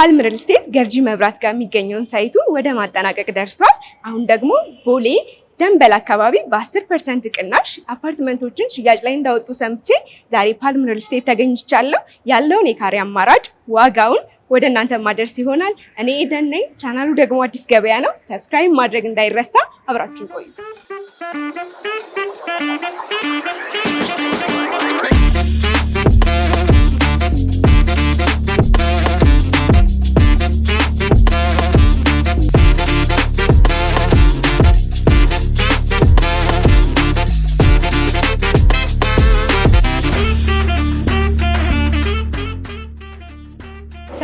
ፓልም ሪል ስቴት ገርጂ መብራት ጋር የሚገኘውን ሳይቱን ወደ ማጠናቀቅ ደርሷል። አሁን ደግሞ ቦሌ ደንበል አካባቢ በ10 ፐርሰንት ቅናሽ አፓርትመንቶችን ሽያጭ ላይ እንዳወጡ ሰምቼ ዛሬ ፓልም ሪል ስቴት ተገኝቻለሁ። ያለውን የካሬ አማራጭ ዋጋውን ወደ እናንተ ማድረስ ይሆናል። እኔ ኤደን ነኝ። ቻናሉ ደግሞ አዲስ ገበያ ነው። ሰብስክራይብ ማድረግ እንዳይረሳ። አብራችሁ ቆዩ።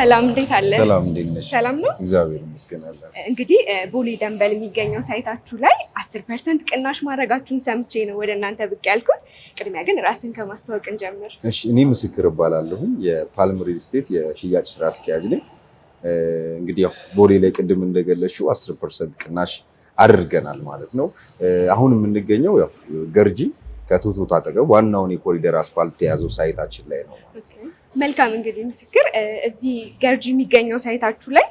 ሰላም እንዴት አለ? ሰላም እንዴት ነሽ? ሰላም ነው እግዚአብሔር ይመስገን። እንግዲህ ቦሌ ደንበል የሚገኘው ሳይታችሁ ላይ አስር ፐርሰንት ቅናሽ ማድረጋችሁን ሰምቼ ነው ወደ እናንተ ብቅ ያልኩት። ቅድሚያ ግን ራስን ከማስተዋወቅ እንጀምር። እሺ፣ እኔ ምስክር እባላለሁኝ የፓልም ሪል ስቴት የሽያጭ ስራ አስኪያጅ ነኝ። እንግዲህ ያው ቦሌ ላይ ቅድም እንደገለሽው 10 ፐርሰንት ቅናሽ አድርገናል ማለት ነው። አሁን የምንገኘው ያው ገርጂ ከቱቱት አጠገብ ዋናውን የኮሪደር አስፋልት የያዘው ሳይታችን ላይ ነው። መልካም እንግዲህ ምስክር፣ እዚህ ገርጂ የሚገኘው ሳይታችሁ ላይ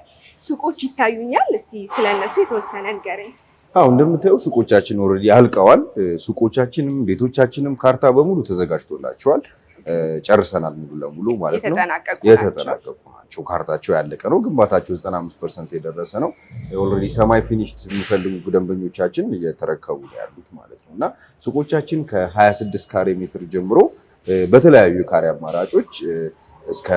ሱቆች ይታዩኛል። እስቲ ስለነሱ የተወሰነ ንገረኝ። አሁ እንደምታየው ሱቆቻችን ኦልሬዲ አልቀዋል። ሱቆቻችንም ቤቶቻችንም ካርታ በሙሉ ተዘጋጅቶላቸዋል። ጨርሰናል ሙሉ ለሙሉ ማለት ነው። የተጠናቀቁ ናቸው። ካርታቸው ያለቀ ነው። ግንባታቸው 95 ፐርሰንት የደረሰ ነው። ኦልሬዲ ሰማይ ፊኒሽድ የሚፈልጉ ደንበኞቻችን እየተረከቡ ያሉት ማለት ነው እና ሱቆቻችን ከ26 ካሬ ሜትር ጀምሮ በተለያዩ የካሬ አማራጮች እስከ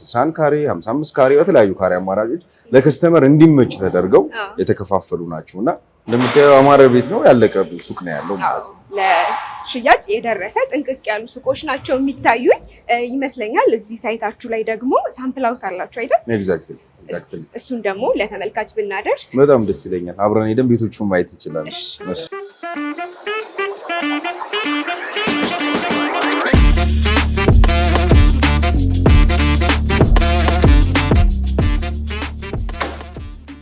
60 ካሬ 55 ካሬ በተለያዩ ካሬ አማራጮች ለከስተመር እንዲመች ተደርገው የተከፋፈሉ ናቸው እና እንደምታየው አማረ ቤት ነው ያለቀ ሱቅ ነው ያለው ማለት ነው። ለሽያጭ የደረሰ ጥንቅቅ ያሉ ሱቆች ናቸው የሚታዩኝ ይመስለኛል። እዚህ ሳይታችሁ ላይ ደግሞ ሳምፕል ሃውስ አላችሁ አይደል? ኤግዛክትሊ። እሱን ደግሞ ለተመልካች ብናደርስ በጣም ደስ ይለኛል። አብረን ሄደን ቤቶቹን ማየት እንችላለን።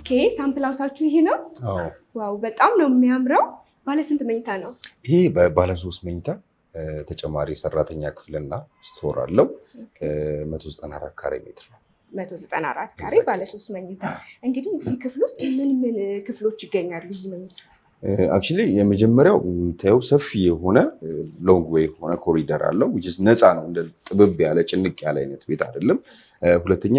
ኦኬ ሳምፕል ሀውሳችሁ ይሄ ነው? ዋው በጣም ነው የሚያምረው። ባለ ስንት መኝታ ነው ይሄ? ባለ ሶስት መኝታ ተጨማሪ ሰራተኛ ክፍልና ስቶር አለው። 194 ካሬ ሜትር ነው። 194 ካሬ ባለ ሶስት መኝታ። እንግዲህ እዚህ ክፍል ውስጥ ምን ምን ክፍሎች ይገኛሉ? እዚህ መኝታ አክቹሊ የመጀመሪያው የምታየው ሰፊ የሆነ ሎንግ ዌይ የሆነ ኮሪደር አለው። ነፃ ነው። እንደ ጥብብ ያለ ጭንቅ ያለ አይነት ቤት አይደለም። ሁለተኛ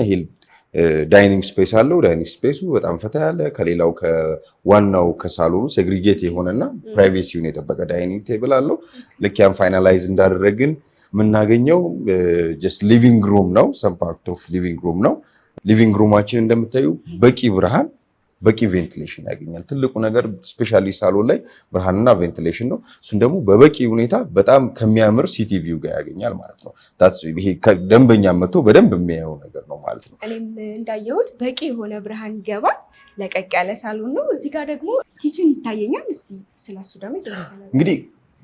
ዳይኒንግ ስፔስ አለው። ዳይኒንግ ስፔሱ በጣም ፈታ ያለ ከሌላው ከዋናው ከሳሎኑ ሴግሪጌት የሆነና ፕራይቬሲውን የጠበቀ ዳይኒንግ ቴብል አለው። ልክ ያን ፋይናላይዝ እንዳደረግን የምናገኘው ጀስት ሊቪንግ ሩም ነው። ሰም ፓርት ኦፍ ሊቪንግ ሩም ነው። ሊቪንግ ሩማችን እንደምታዩ በቂ ብርሃን በቂ ቬንቲሌሽን ያገኛል። ትልቁ ነገር ስፔሻሊ ሳሎን ላይ ብርሃንና ቬንቲሌሽን ነው። እሱን ደግሞ በበቂ ሁኔታ በጣም ከሚያምር ሲቲቪው ጋር ያገኛል ማለት ነው። ይሄ ደንበኛ መጥቶ በደንብ የሚያየው ነገር ነው ማለት ነው። እኔም እንዳየሁት በቂ የሆነ ብርሃን ይገባል። ለቀቅ ያለ ሳሎን ነው። እዚህ ጋር ደግሞ ኪችን ይታየኛል። እስኪ ስለሱ ደግሞ እንግዲህ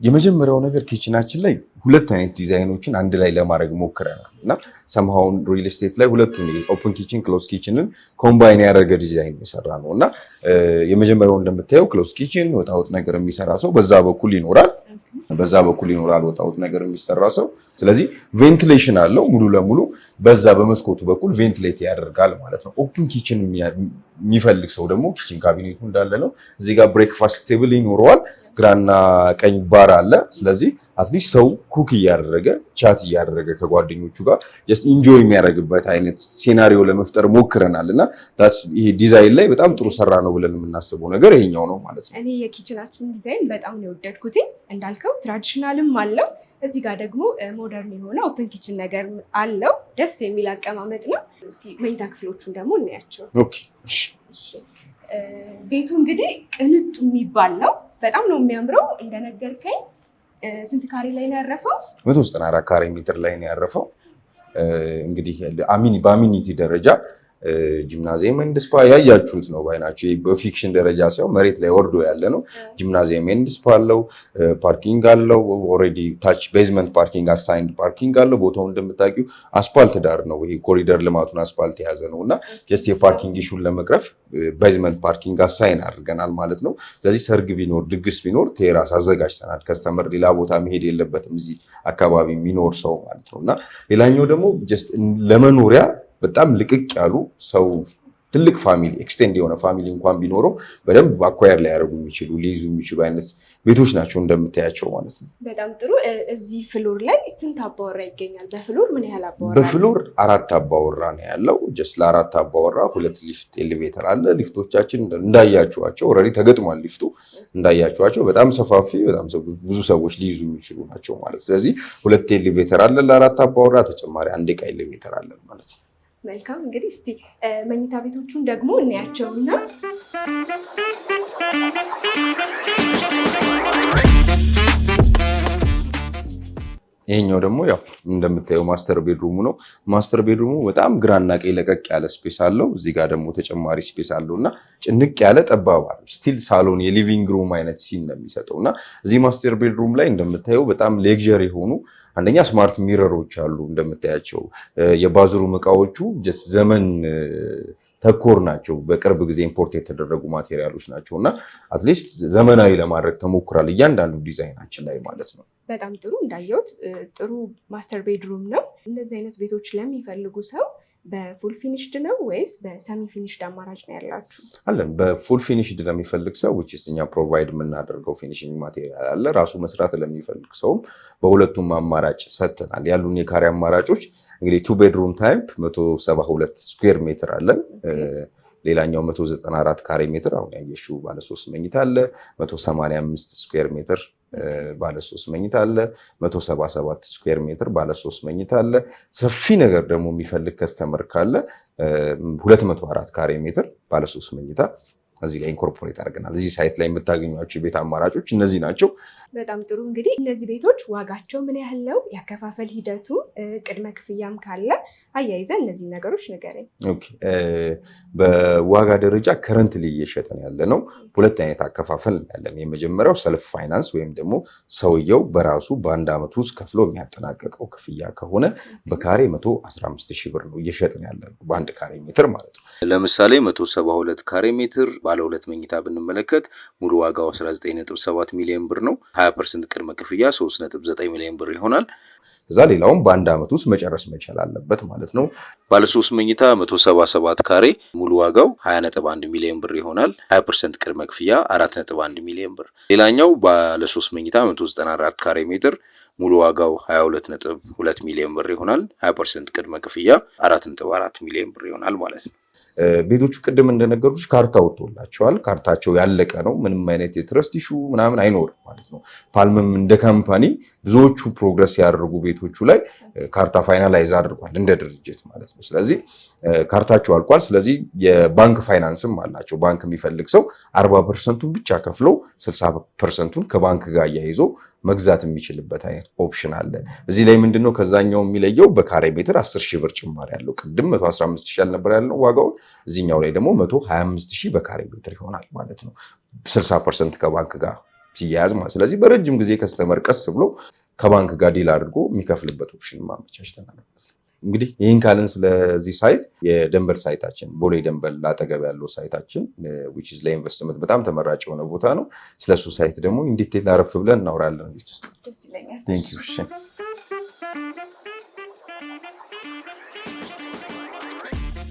የመጀመሪያው ነገር ኪችናችን ላይ ሁለት አይነት ዲዛይኖችን አንድ ላይ ለማድረግ ሞክረናል እና ሰምሃውን ሪል ስቴት ላይ ሁለቱን ኦፕን ኪችን፣ ክሎዝ ኪችንን ኮምባይን ያደረገ ዲዛይን የሰራ ነው እና የመጀመሪያው እንደምታየው ክሎስ ኪችን ወጣወጥ ነገር የሚሰራ ሰው በዛ በኩል ይኖራል። በዛ በኩል ይኖራል ወጣውት ነገር የሚሰራ ሰው። ስለዚህ ቬንቲሌሽን አለው ሙሉ ለሙሉ በዛ በመስኮቱ በኩል ቬንትሌት ያደርጋል ማለት ነው። ኦፕን ኪችን የሚፈልግ ሰው ደግሞ ኪችን ካቢኔቱ እንዳለ ነው። እዚህ ጋር ብሬክፋስት ቴብል ይኖረዋል። ግራና ቀኝ ባር አለ። ስለዚህ አትሊስት ሰው ኩክ እያደረገ ቻት እያደረገ ከጓደኞቹ ጋር ጀስት ኢንጆይ የሚያደርግበት አይነት ሴናሪዮ ለመፍጠር ሞክረናል እና ይሄ ዲዛይን ላይ በጣም ጥሩ ሰራ ነው ብለን የምናስበው ነገር ይሄኛው ነው ማለት ነው። እኔ የኪችናችሁን ዲዛይን በጣም ነው የወደድኩትኝ እንዳልከው ትራዲሽናልም አለው። እዚህ ጋር ደግሞ ሞደርን የሆነ ኦፕን ኪችን ነገር አለው። ደስ የሚል አቀማመጥ ነው። እስኪ መኝታ ክፍሎቹን ደግሞ እናያቸው። ቤቱ እንግዲህ ቅንጡ የሚባል ነው። በጣም ነው የሚያምረው። እንደነገርከኝ ስንት ካሬ ላይ ነው ያረፈው? መቶ ዘጠና አራት ካሬ ሜትር ላይ ነው ያረፈው። እንግዲህ በአሚኒቲ ደረጃ ጂምናዚየም ኤንድ ስፓ ያያችሁት ነው ባይናቸው በፊክሽን ደረጃ ሳይሆን መሬት ላይ ወርዶ ያለ ነው። ጂምናዚየም ኤንድ አለው፣ ፓርኪንግ አለው። ኦልሬዲ ታች ቤዝመንት ፓርኪንግ አሳይንድ ፓርኪንግ አለው። ቦታው እንደምታውቂው አስፓልት ዳር ነው። ይሄ ኮሪደር ልማቱን አስፓልት የያዘ ነው እና ጀስት የፓርኪንግ ኢሹን ለመቅረፍ ቤዝመንት ፓርኪንግ አሳይን አድርገናል ማለት ነው። ስለዚህ ሰርግ ቢኖር ድግስ ቢኖር ቴራስ አዘጋጅተናል። ከስተመር ሌላ ቦታ መሄድ የለበትም እዚህ አካባቢ የሚኖር ሰው ማለት ነው እና ሌላኛው ደግሞ ጀስት ለመኖሪያ በጣም ልቅቅ ያሉ ሰው ትልቅ ፋሚሊ ኤክስቴንድ የሆነ ፋሚሊ እንኳን ቢኖረው በደንብ አኳየር ሊያደርጉ የሚችሉ ሊይዙ የሚችሉ አይነት ቤቶች ናቸው እንደምታያቸው ማለት ነው። በጣም ጥሩ። እዚህ ፍሎር ላይ ስንት አባወራ ይገኛል? በፍሎር ምን ያህል አባወራ? በፍሎር አራት አባወራ ነው ያለው። ጀስት ለአራት አባወራ ሁለት ሊፍት ኤሌቬተር አለ። ሊፍቶቻችን እንዳያችኋቸው ኦልሬዲ ተገጥሟል። ሊፍቱ እንዳያችኋቸው በጣም ሰፋፊ፣ በጣም ብዙ ሰዎች ሊይዙ የሚችሉ ናቸው ማለት ነው። ስለዚህ ሁለት ኤሌቬተር አለ ለአራት አባወራ፣ ተጨማሪ አንድ ዕቃ ኤሌቬተር አለ ማለት ነው። መልካም እንግዲህ እስቲ መኝታ ቤቶቹን ደግሞ እናያቸውና ይሄኛው ደግሞ ያው እንደምታየው ማስተር ቤድሩሙ ነው። ማስተር ቤድሩሙ በጣም ግራና ቀኝ ለቀቅ ያለ ስፔስ አለው። እዚህ ጋር ደግሞ ተጨማሪ ስፔስ አለው እና ጭንቅ ያለ ጠባብ ስቲል ሳሎን የሊቪንግ ሩም አይነት ሲን ነው የሚሰጠው እና እዚህ ማስተር ቤድሩም ላይ እንደምታየው በጣም ሌግዠሪ የሆኑ አንደኛ ስማርት ሚረሮች አሉ። እንደምታያቸው የባዝሩም እቃዎቹ ዘመን ተኮር ናቸው። በቅርብ ጊዜ ኢምፖርት የተደረጉ ማቴሪያሎች ናቸው እና አትሊስት ዘመናዊ ለማድረግ ተሞክራል እያንዳንዱ ዲዛይናችን ላይ ማለት ነው። በጣም ጥሩ እንዳየሁት ጥሩ ማስተር ቤድሩም ነው። እንደዚህ አይነት ቤቶች ለሚፈልጉ ሰው በፉል ፊኒሽድ ነው ወይስ በሰሚ ፊኒሽድ አማራጭ ነው ያላችሁ? አለን። በፉል ፊኒሽድ ለሚፈልግ ሰው ውጭ እኛ ፕሮቫይድ የምናደርገው ፊኒሽንግ ማቴሪያል አለ። ራሱ መስራት ለሚፈልግ ሰውም በሁለቱም አማራጭ ሰጥተናል። ያሉን የካሬ አማራጮች እንግዲህ ቱ ቤድሩም ታይፕ 172 ስኩዌር ሜትር አለን። ሌላኛው 194 ካሬ ሜትር አሁን ያየሽው ባለሶስት መኝታ አለ። 185 ስኩዌር ሜትር ባለሶስት መኝታ አለ። 177 ስኩዌር ሜትር ባለሶስት መኝታ አለ። ሰፊ ነገር ደግሞ የሚፈልግ ከስተመር ካለ 204 ካሬ ሜትር ባለሶስት መኝታ እዚህ ላይ ኢንኮርፖሬት አድርገናል። እዚህ ሳይት ላይ የምታገኟቸው የቤት አማራጮች እነዚህ ናቸው። በጣም ጥሩ። እንግዲህ እነዚህ ቤቶች ዋጋቸው ምን ያህል ነው? ያከፋፈል ሂደቱ፣ ቅድመ ክፍያም ካለ አያይዘ እነዚህ ነገሮች ንገረኝ። በዋጋ ደረጃ ከረንትሊ እየሸጠን ያለ ነው። ሁለት አይነት አከፋፈል ያለን፣ የመጀመሪያው ሰልፍ ፋይናንስ ወይም ደግሞ ሰውየው በራሱ በአንድ ዓመት ውስጥ ከፍሎ የሚያጠናቀቀው ክፍያ ከሆነ በካሬ 115 ሺህ ብር ነው እየሸጥን ያለ ነው፣ በአንድ ካሬ ሜትር ማለት ነው። ለምሳሌ 172 ካሬ ሜትር ባለ ሁለት መኝታ ብንመለከት ሙሉ ዋጋው 19.7 ሚሊዮን ብር ነው። 20 ፐርሰንት ቅድመ ክፍያ 3.9 ሚሊዮን ብር ይሆናል። እዛ ሌላውም በአንድ ዓመት ውስጥ መጨረስ መቻል አለበት ማለት ነው። ባለ ሶስት መኝታ 177 ካሬ ሙሉ ዋጋው 20.1 ሚሊዮን ብር ይሆናል። 20 ፐርሰንት ቅድመ ክፍያ 4.1 ሚሊዮን ብር። ሌላኛው ባለ ሶስት መኝታ 194 ካሬ ሜትር ሙሉ ዋጋው 22.2 ሚሊዮን ብር ይሆናል። 20 ፐርሰንት ቅድመ ክፍያ 4.4 ሚሊዮን ብር ይሆናል ማለት ነው። ቤቶቹ ቅድም እንደነገሩች ካርታ ወጥቶላቸዋል። ካርታቸው ያለቀ ነው። ምንም አይነት የትረስት ኢሹ ምናምን አይኖርም ማለት ነው። ፓልምም እንደ ካምፓኒ ብዙዎቹ ፕሮግረስ ያደርጉ ቤቶቹ ላይ ካርታ ፋይናላይዝ አድርጓል እንደ ድርጅት ማለት ነው። ስለዚህ ካርታቸው አልቋል። ስለዚህ የባንክ ፋይናንስም አላቸው። ባንክ የሚፈልግ ሰው አርባ ፐርሰንቱን ብቻ ከፍሎ ስልሳ ፐርሰንቱን ከባንክ ጋር አያይዞ መግዛት የሚችልበት አይነት ኦፕሽን አለ። እዚህ ላይ ምንድነው ከዛኛው የሚለየው በካሬ ሜትር አስር ሺህ ብር ጭማሪ ያለው ቅድም መቶ አስራ አምስት ሺህ አልነበር ያለው ዋጋው የሚያደርገውን እዚህኛው ላይ ደግሞ 125 ሺህ በካሬ ሜትር ይሆናል ማለት ነው። 60 ፐርሰንት ከባንክ ጋር ሲያያዝ ማለት ስለዚህ በረጅም ጊዜ ከስተመር ቀስ ብሎ ከባንክ ጋር ዲል አድርጎ የሚከፍልበት ኦፕሽን ማመቻችተናል። እንግዲህ ይህን ካልን ስለዚህ ሳይት የደንበል ሳይታችን ቦሌ ደንበል አጠገብ ያለው ሳይታችን ዊች ኢዝ ለኢንቨስትመንት በጣም ተመራጭ የሆነ ቦታ ነው። ስለሱ ሳይት ደግሞ እንዴት ላረፍ ብለን እናውራለን ቤት ውስጥ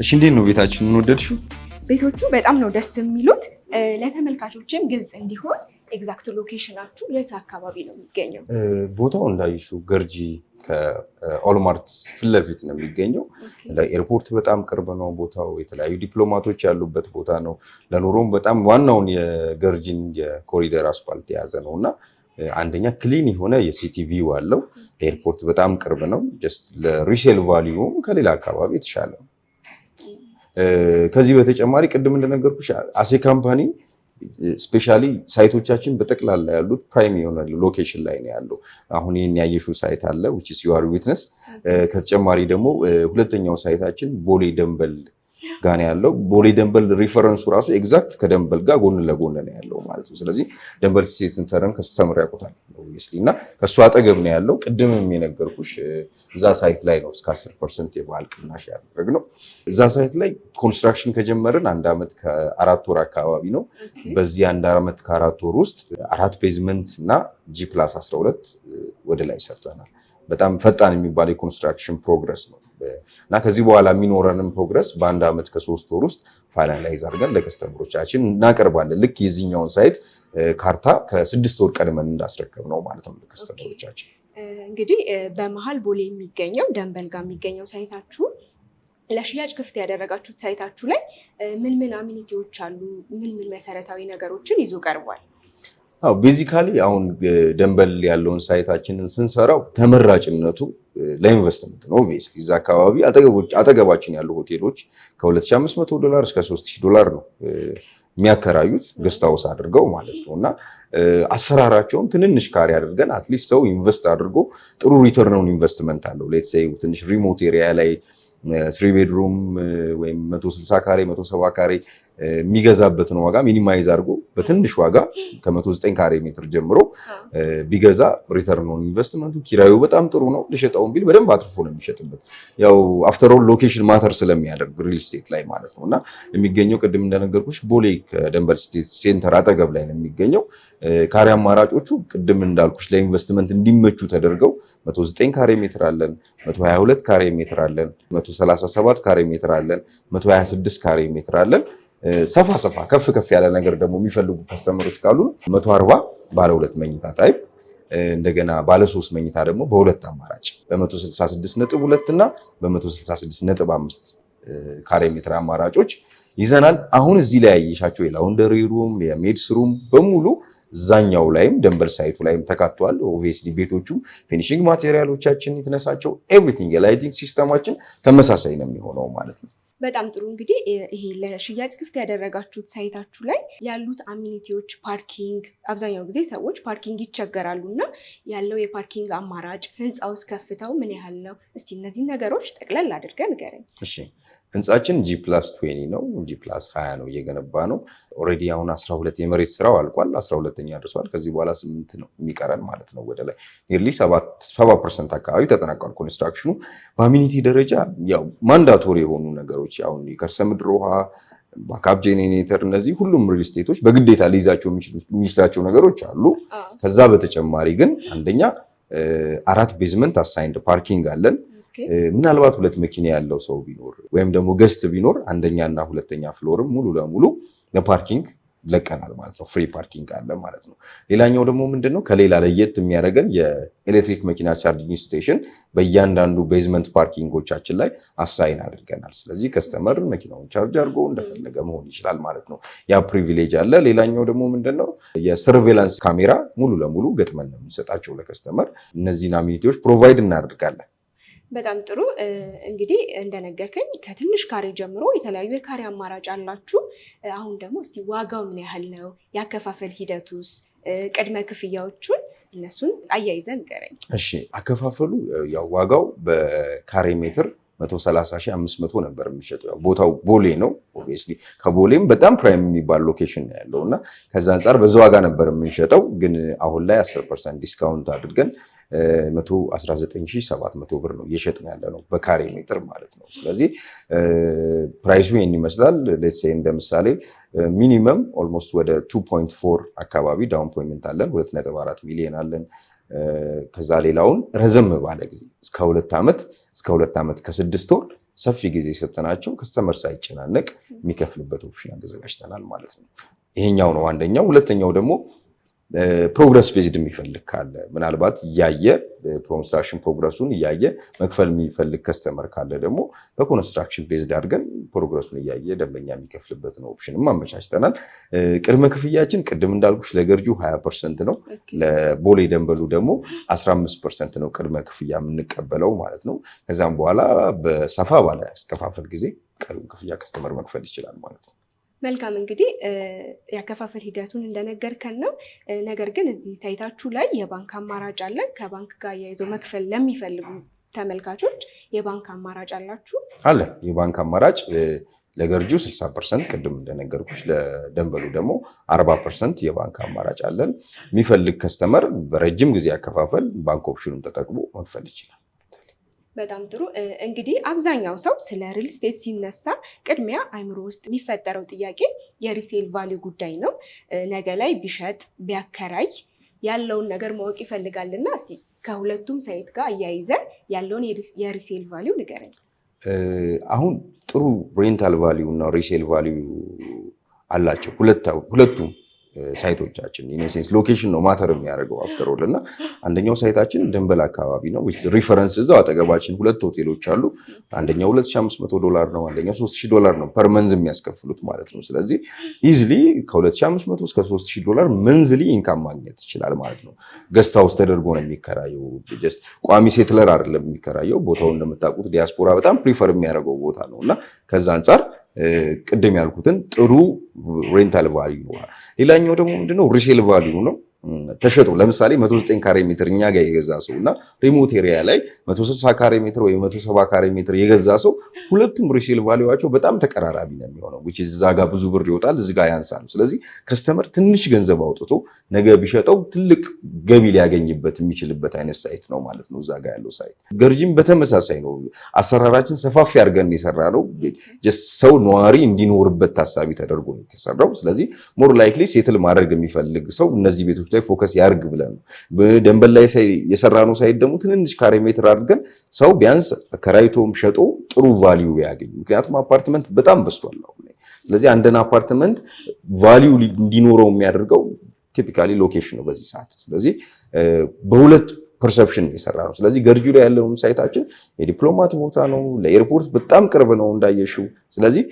እሺ፣ እንዴት ነው ቤታችንን ወደድሽው? ቤቶቹ በጣም ነው ደስ የሚሉት። ለተመልካቾችም ግልጽ እንዲሆን ኤግዛክት ሎኬሽናችሁ የት አካባቢ ነው የሚገኘው? ቦታው እንዳይሹ ገርጂ ከኦልማርት ፊትለፊት ነው የሚገኘው። ለኤርፖርት በጣም ቅርብ ነው ቦታው። የተለያዩ ዲፕሎማቶች ያሉበት ቦታ ነው። ለኑሮም በጣም ዋናውን የገርጂን የኮሪደር አስፓልት የያዘ ነው እና አንደኛ ክሊን የሆነ የሲቲቪው አለው። ለኤርፖርት በጣም ቅርብ ነው። ጀስት ለሪሴል ቫሊዩም ከሌላ አካባቢ የተሻለ ነው። ከዚህ በተጨማሪ ቅድም እንደነገርኩሽ አሴ ካምፓኒ ስፔሻሊ ሳይቶቻችን በጠቅላላ ያሉት ፕራይም የሆነ ሎኬሽን ላይ ነው ያለው። አሁን ይህን ያየሹ ሳይት አለ ዊች ዩ ዊትነስ። ከተጨማሪ ደግሞ ሁለተኛው ሳይታችን ቦሌ ደንበል ጋር ነው ያለው። ቦሌ ደንበል ሪፈረንሱ ራሱ ኤግዛክት ከደንበል ጋር ጎን ለጎን ነው ያለው ማለት ነው። ስለዚህ ደንበል ስቴት ሴንተርን ከስተምር ያውቁታል ኦብቪየስሊ እና ከእሱ አጠገብ ነው ያለው። ቅድምም የነገርኩሽ እዛ ሳይት ላይ ነው እስከ 10 ፐርሰንት የበዓል ቅናሽ ያደረግ ነው። እዛ ሳይት ላይ ኮንስትራክሽን ከጀመርን አንድ ዓመት ከአራት ወር አካባቢ ነው። በዚህ አንድ ዓመት ከአራት ወር ውስጥ አራት ቤዝመንት እና ጂ ፕላስ 12 ወደ ላይ ሰርተናል። በጣም ፈጣን የሚባል የኮንስትራክሽን ፕሮግረስ ነው እና ከዚህ በኋላ የሚኖረንም ፕሮግረስ በአንድ ዓመት ከሶስት ወር ውስጥ ፋይናላይዝ አድርገን ለከስተምሮቻችን እናቀርባለን። ልክ የዚህኛውን ሳይት ካርታ ከስድስት ወር ቀድመን እንዳስረከብ ነው ማለት ነው ለከስተምሮቻችን። እንግዲህ በመሀል ቦሌ የሚገኘው ደንበል ጋር የሚገኘው ሳይታችሁ ለሽያጭ ክፍት ያደረጋችሁት ሳይታችሁ ላይ ምን ምን አሚኒቲዎች አሉ? ምን ምን መሰረታዊ ነገሮችን ይዞ ቀርቧል? አዎ ቤዚካሊ አሁን ደንበል ያለውን ሳይታችንን ስንሰራው ተመራጭነቱ ለኢንቨስትመንት ነው። ኦብቪየስሊ እዛ አካባቢ አጠገባችን ያሉ ሆቴሎች ከ2500 ዶላር እስከ 3000 ዶላር ነው የሚያከራዩት ገስት አድርገው ማለት ነው። እና አሰራራቸውም ትንንሽ ካሬ አድርገን አትሊስት ሰው ኢንቨስት አድርጎ ጥሩ ሪተርነውን ኢንቨስትመንት አለው። ሌትሴ ትንሽ ሪሞት ኤሪያ ላይ ስሪ ቤድሩም ወይም 160 ካሬ 170 ካሬ የሚገዛበትን ዋጋ ሚኒማይዝ አድርጎ በትንሽ ዋጋ ከ109 ካሬ ሜትር ጀምሮ ቢገዛ ሪተርን ኦን ኢንቨስትመንቱ ኪራዩ በጣም ጥሩ ነው። ልሸጠውን ቢል በደንብ አትርፎ ነው የሚሸጥበት። ያው አፍተር ኦል ሎኬሽን ማተር ስለሚያደርግ ሪል ስቴት ላይ ማለት ነው እና የሚገኘው ቅድም እንደነገርኩሽ ቦሌ ከደንበል ስቴት ሴንተር አጠገብ ላይ ነው የሚገኘው። ካሬ አማራጮቹ ቅድም እንዳልኩሽ ለኢንቨስትመንት እንዲመቹ ተደርገው 109 ካሬ ሜትር አለን፣ 122 ካሬ ሜትር አለን፣ 137 ካሬ ሜትር አለን፣ 126 ካሬ ሜትር አለን ሰፋ ሰፋ ከፍ ከፍ ያለ ነገር ደግሞ የሚፈልጉ ከስተመሮች ካሉ መቶ አርባ ባለ ሁለት መኝታ ታይፕ እንደገና ባለ ሶስት መኝታ ደግሞ በሁለት አማራጭ በ166 ነጥብ ሁለት እና በ166 ነጥብ አምስት ካሬ ሜትር አማራጮች ይዘናል። አሁን እዚህ ላይ ያየሻቸው የላውንደሪ ሩም የሜድስ ሩም በሙሉ እዛኛው ላይም ደንበል ሳይቱ ላይም ተካቷል። ኦብቪየስሊ ቤቶቹ ፊኒሽንግ ማቴሪያሎቻችን የተነሳቸው ኤቭሪቲንግ የላይቲንግ ሲስተማችን ተመሳሳይ ነው የሚሆነው ማለት ነው። በጣም ጥሩ እንግዲህ ይሄ ለሽያጭ ክፍት ያደረጋችሁት ሳይታችሁ ላይ ያሉት አሚኒቲዎች ፓርኪንግ፣ አብዛኛው ጊዜ ሰዎች ፓርኪንግ ይቸገራሉ እና ያለው የፓርኪንግ አማራጭ ህንፃ ውስጥ ከፍታው ምን ያህል ነው? እስቲ እነዚህ ነገሮች ጠቅለል አድርገን ንገረኝ። እሺ ህንፃችን ጂ ፕላስ ትዌኒ ነው፣ ጂ ፕላስ ሀያ ነው እየገነባ ነው። ኦልሬዲ አሁን አስራ ሁለት የመሬት ስራው አልቋል። አስራ ሁለተኛ ደርሷል። ከዚህ በኋላ ስምንት ነው የሚቀረን ማለት ነው። ወደ ላይ ኒርሊ ሰባ ፐርሰንት አካባቢ ተጠናቋል ኮንስትራክሽኑ። በአሚኒቲ ደረጃ ያው ማንዳቶሪ የሆኑ ነገሮች አሁን የከርሰ ምድር ውሃ ባካፕ ጄኔሬተር እነዚህ ሁሉም ሪል ስቴቶች በግዴታ ሊይዛቸው የሚችላቸው ነገሮች አሉ። ከዛ በተጨማሪ ግን አንደኛ አራት ቤዝመንት አሳይንድ ፓርኪንግ አለን። ምናልባት ሁለት መኪና ያለው ሰው ቢኖር ወይም ደግሞ ገስት ቢኖር አንደኛና ሁለተኛ ፍሎርም ሙሉ ለሙሉ ለፓርኪንግ ለቀናል ማለት ነው። ፍሪ ፓርኪንግ አለ ማለት ነው። ሌላኛው ደግሞ ምንድነው ከሌላ ለየት የሚያደርገን የኤሌክትሪክ መኪና ቻርጅንግ ስቴሽን በእያንዳንዱ ቤዝመንት ፓርኪንጎቻችን ላይ አሳይን አድርገናል። ስለዚህ ከስተመር መኪናውን ቻርጅ አድርጎ እንደፈለገ መሆን ይችላል ማለት ነው። ያ ፕሪቪሌጅ አለ። ሌላኛው ደግሞ ምንድነው የሰርቬላንስ ካሜራ ሙሉ ለሙሉ ገጥመን ነው የምንሰጣቸው ለከስተመር። እነዚህን አሚኒቲዎች ፕሮቫይድ እናደርጋለን። በጣም ጥሩ እንግዲህ እንደነገርከኝ ከትንሽ ካሬ ጀምሮ የተለያዩ የካሬ አማራጭ አላችሁ። አሁን ደግሞ እስቲ ዋጋው ምን ያህል ነው? የአከፋፈል ሂደቱስ ቅድመ ክፍያዎቹን እነሱን አያይዘን ንገረኝ። እሺ፣ አከፋፈሉ ያው ዋጋው በካሬ ሜትር 13500 ነበር የሚሸጠው። ቦታው ቦሌ ነው። ኦብቪየስሊ ከቦሌም በጣም ፕራይም የሚባል ሎኬሽን ነው ያለው እና ከዛ አንጻር በዛ ዋጋ ነበር የምንሸጠው። ግን አሁን ላይ 10 ፐርሰንት ዲስካውንት አድርገን 119700 ብር ነው እየሸጥን ያለ ነው በካሬ ሜትር ማለት ነው። ስለዚህ ፕራይሱ ይህን ይመስላል። ሌትስ ሴይ እንደ ሚኒመም ኦልሞስት ወደ 2.4 አካባቢ ዳውን ፔመንት አለን። 2.4 ሚሊዮን አለን። ከዛ ሌላውን ረዘም ባለ ጊዜ እስከ ሁለት ዓመት እስከ ሁለት ዓመት ከስድስት ወር ሰፊ ጊዜ ሰጠናቸው። ከስተመር ሳይጨናነቅ የሚከፍልበት ኦፕሽን አዘጋጅተናል ማለት ነው። ይሄኛው ነው አንደኛው። ሁለተኛው ደግሞ ፕሮግረስ ቤዝድ የሚፈልግ ካለ ምናልባት እያየ ኮንስትራክሽን ፕሮግረሱን እያየ መክፈል የሚፈልግ ከስተመር ካለ ደግሞ በኮንስትራክሽን ቤዝድ አድርገን ፕሮግረሱን እያየ ደንበኛ የሚከፍልበትን ኦፕሽንም አመቻችተናል። ቅድመ ክፍያችን ቅድም እንዳልኩሽ ለገርጁ ሀያ ፐርሰንት ነው። ለቦሌ ደንበሉ ደግሞ አስራ አምስት ፐርሰንት ነው ቅድመ ክፍያ የምንቀበለው ማለት ነው። ከዛም በኋላ በሰፋ ባለ አስከፋፈል ጊዜ ቀሪውን ክፍያ ከስተመር መክፈል ይችላል ማለት ነው። መልካም እንግዲህ የአከፋፈል ሂደቱን እንደነገርከን ነው። ነገር ግን እዚህ ሳይታችሁ ላይ የባንክ አማራጭ አለ። ከባንክ ጋር አያይዘው መክፈል ለሚፈልጉ ተመልካቾች የባንክ አማራጭ አላችሁ? አለ። የባንክ አማራጭ ለገርጁ 60 ፐርሰንት ቅድም እንደነገርኩሽ ለደንበሉ ደግሞ 40 ፐርሰንት የባንክ አማራጭ አለን። የሚፈልግ ከስተመር በረጅም ጊዜ ያከፋፈል ባንክ ኦፕሽኑን ተጠቅሞ መክፈል ይችላል። በጣም ጥሩ እንግዲህ አብዛኛው ሰው ስለ ሪል ስቴት ሲነሳ ቅድሚያ አይምሮ ውስጥ የሚፈጠረው ጥያቄ የሪሴል ቫሊዩ ጉዳይ ነው። ነገ ላይ ቢሸጥ ቢያከራይ ያለውን ነገር ማወቅ ይፈልጋልና እስቲ ከሁለቱም ሳይት ጋር እያይዘ ያለውን የሪሴል ቫሊው ንገረኝ። አሁን ጥሩ ሬንታል ቫሊው እና ሪሴል ቫሊው አላቸው ሁለቱም ሳይቶቻችን ኢንሴንስ ሎኬሽን ነው ማተር የሚያደርገው አፍተሮል እና አንደኛው ሳይታችን ደንበል አካባቢ ነው። ሪፈረንስ እዛው አጠገባችን ሁለት ሆቴሎች አሉ። አንደኛው 2500 ዶላር ነው፣ አንደኛው 3000 ዶላር ነው ፐር መንዝ የሚያስከፍሉት ማለት ነው። ስለዚህ ኢዝሊ ከ2500 እስከ 3000 ዶላር መንዝሊ ኢንካም ማግኘት ይችላል ማለት ነው። ገስት ሃውስ ተደርጎ ነው የሚከራየው። ጀስት ቋሚ ሴትለር አይደለም የሚከራየው። ቦታው እንደምታውቁት ዲያስፖራ በጣም ፕሪፈር የሚያደርገው ቦታ ነው እና ከዛ አንጻር ቅድም ያልኩትን ጥሩ ሬንታል ቫሊዩ ነው። ሌላኛው ደግሞ ምንድነው ሪሴል ቫልዩ ነው። ተሸጡ ለምሳሌ 109 ካሬ ሜትር እኛ ጋር የገዛ ሰው እና ሪሞት ኤሪያ ላይ 160 ካሬ ሜትር ወይ 170 ካሬ ሜትር የገዛ ሰው ሁለቱም ሪሴል ቫሊዋቸው በጣም ተቀራራቢ ነው የሚሆነው። እዛ ጋር ብዙ ብር ይወጣል፣ እዚህ ጋር ያንሳሉ። ስለዚህ ከስተመር ትንሽ ገንዘብ አውጥቶ ነገ ቢሸጠው ትልቅ ገቢ ሊያገኝበት የሚችልበት አይነት ሳይት ነው ማለት ነው። እዛ ጋር ያለው ሳይት ገርጂም በተመሳሳይ ነው። አሰራራችን ሰፋፊ አድርገን የሰራ ነው። ሰው ነዋሪ እንዲኖርበት ታሳቢ ተደርጎ ነው የተሰራው። ስለዚህ ሞር ላይክሊ ሴትል ማድረግ የሚፈልግ ሰው እነዚህ ቤቶች ላይ ፎከስ ያርግ ብለን ነው። ደንበል ላይ የሰራ ነው ሳይት ደግሞ ትንንሽ ካሬ ሜትር አድርገን ሰው ቢያንስ ከራይቶም ሸጦ ጥሩ ቫሊዩ ያገኝ። ምክንያቱም አፓርትመንት በጣም በዝቷል። ስለዚህ አንድን አፓርትመንት ቫሊዩ እንዲኖረው የሚያደርገው ቲፒካሊ ሎኬሽን ነው በዚህ ሰዓት። ስለዚህ በሁለት ፐርሰፕሽን የሰራ ነው። ስለዚህ ገርጁ ላይ ያለውም ሳይታችን የዲፕሎማት ቦታ ነው፣ ለኤርፖርት በጣም ቅርብ ነው እንዳየሽው። ስለዚህ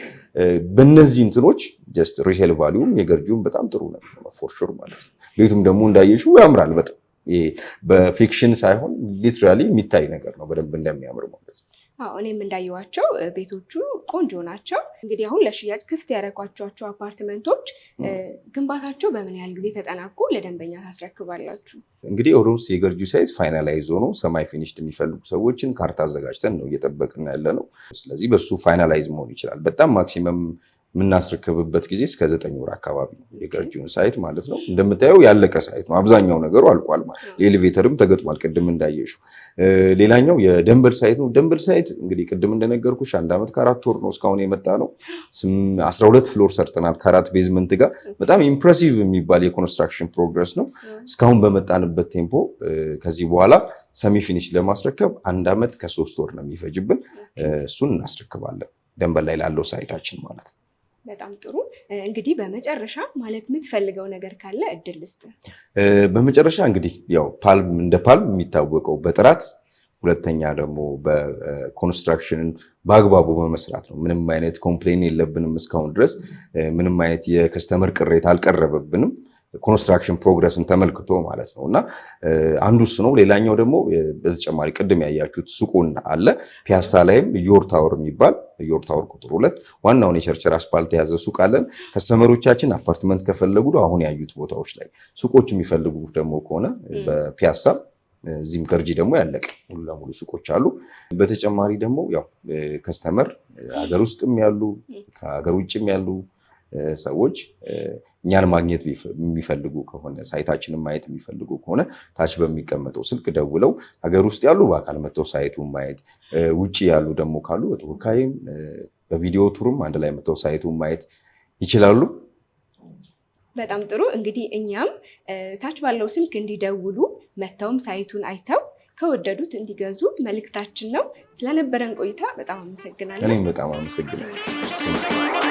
በእነዚህ እንትኖች ጀስት ሪሴል ቫሊዩም የገርጁም በጣም ጥሩ ነው ፎር ሹር ማለት ነው። ቤቱም ደግሞ እንዳየሽው ያምራል በጣም በፊክሽን ሳይሆን ሊትራሊ የሚታይ ነገር ነው በደንብ እንደሚያምር ማለት ነው። እኔም እንዳየዋቸው ቤቶቹ ቆንጆ ናቸው። እንግዲህ አሁን ለሽያጭ ክፍት ያደረጓቸዋቸው አፓርትመንቶች ግንባታቸው በምን ያህል ጊዜ ተጠናቆ ለደንበኛ ታስረክባላችሁ? እንግዲህ ኦሮስ የገርጁ ሳይት ፋይናላይዝ ሆኖ ሰማይ ፊኒሽድ የሚፈልጉ ሰዎችን ካርታ አዘጋጅተን ነው እየጠበቅን ያለ ነው። ስለዚህ በሱ ፋይናላይዝ መሆን ይችላል። በጣም ማክሲመም የምናስረከብበት ጊዜ እስከ ዘጠኝ ወር አካባቢ የገርጂውን ሳይት ማለት ነው። እንደምታየው ያለቀ ሳይት ነው። አብዛኛው ነገሩ አልቋል። ኤሌቬተርም ተገጥሟል ቅድም እንዳየሹ። ሌላኛው የደንበል ሳይት ነው። ደንበል ሳይት እንግዲህ ቅድም እንደነገርኩሽ አንድ ዓመት ከአራት ወር ነው እስካሁን የመጣ ነው። አስራ ሁለት ፍሎር ሰርተናል ከአራት ቤዝመንት ጋር በጣም ኢምፕሬሲቭ የሚባል የኮንስትራክሽን ፕሮግረስ ነው። እስካሁን በመጣንበት ቴምፖ ከዚህ በኋላ ሰሚ ፊኒሽ ለማስረከብ አንድ ዓመት ከሶስት ወር ነው የሚፈጅብን። እሱን እናስረክባለን ደንበል ላይ ላለው ሳይታችን ማለት ነው። በጣም ጥሩ። እንግዲህ በመጨረሻ ማለት የምትፈልገው ነገር ካለ እድል ልስጥ። በመጨረሻ እንግዲህ ያው ፓልም እንደ ፓልም የሚታወቀው በጥራት ሁለተኛ ደግሞ በኮንስትራክሽንን በአግባቡ በመስራት ነው። ምንም አይነት ኮምፕሌን የለብንም እስካሁን ድረስ ምንም አይነት የከስተመር ቅሬታ አልቀረበብንም። ኮንስትራክሽን ፕሮግረስን ተመልክቶ ማለት ነው። እና አንዱ እሱ ነው። ሌላኛው ደግሞ በተጨማሪ ቅድም ያያችሁት ሱቁን አለ። ፒያሳ ላይም ዮር ታወር የሚባል ዮር ታወር ቁጥር ሁለት ዋናውን የቸርቸር አስፓልት የያዘ ሱቅ አለን። ከስተመሮቻችን አፓርትመንት ከፈለጉ አሁን ያዩት ቦታዎች ላይ ሱቆች የሚፈልጉ ደግሞ ከሆነ በፒያሳ እዚህም ገርጂ ደግሞ ያለቀ ሙሉ ለሙሉ ሱቆች አሉ። በተጨማሪ ደግሞ ያው ከስተመር ሀገር ውስጥም ያሉ ከሀገር ውጭም ያሉ ሰዎች እኛን ማግኘት የሚፈልጉ ከሆነ ሳይታችንን ማየት የሚፈልጉ ከሆነ ታች በሚቀመጠው ስልክ ደውለው ሀገር ውስጥ ያሉ በአካል መጥተው ሳይቱን ማየት፣ ውጭ ያሉ ደግሞ ካሉ በተወካይም በቪዲዮ ቱርም አንድ ላይ መጥተው ሳይቱን ማየት ይችላሉ። በጣም ጥሩ። እንግዲህ እኛም ታች ባለው ስልክ እንዲደውሉ መጥተውም ሳይቱን አይተው ከወደዱት እንዲገዙ መልእክታችን ነው። ስለነበረን ቆይታ በጣም አመሰግናለሁ። እኔም በጣም አመሰግናለሁ።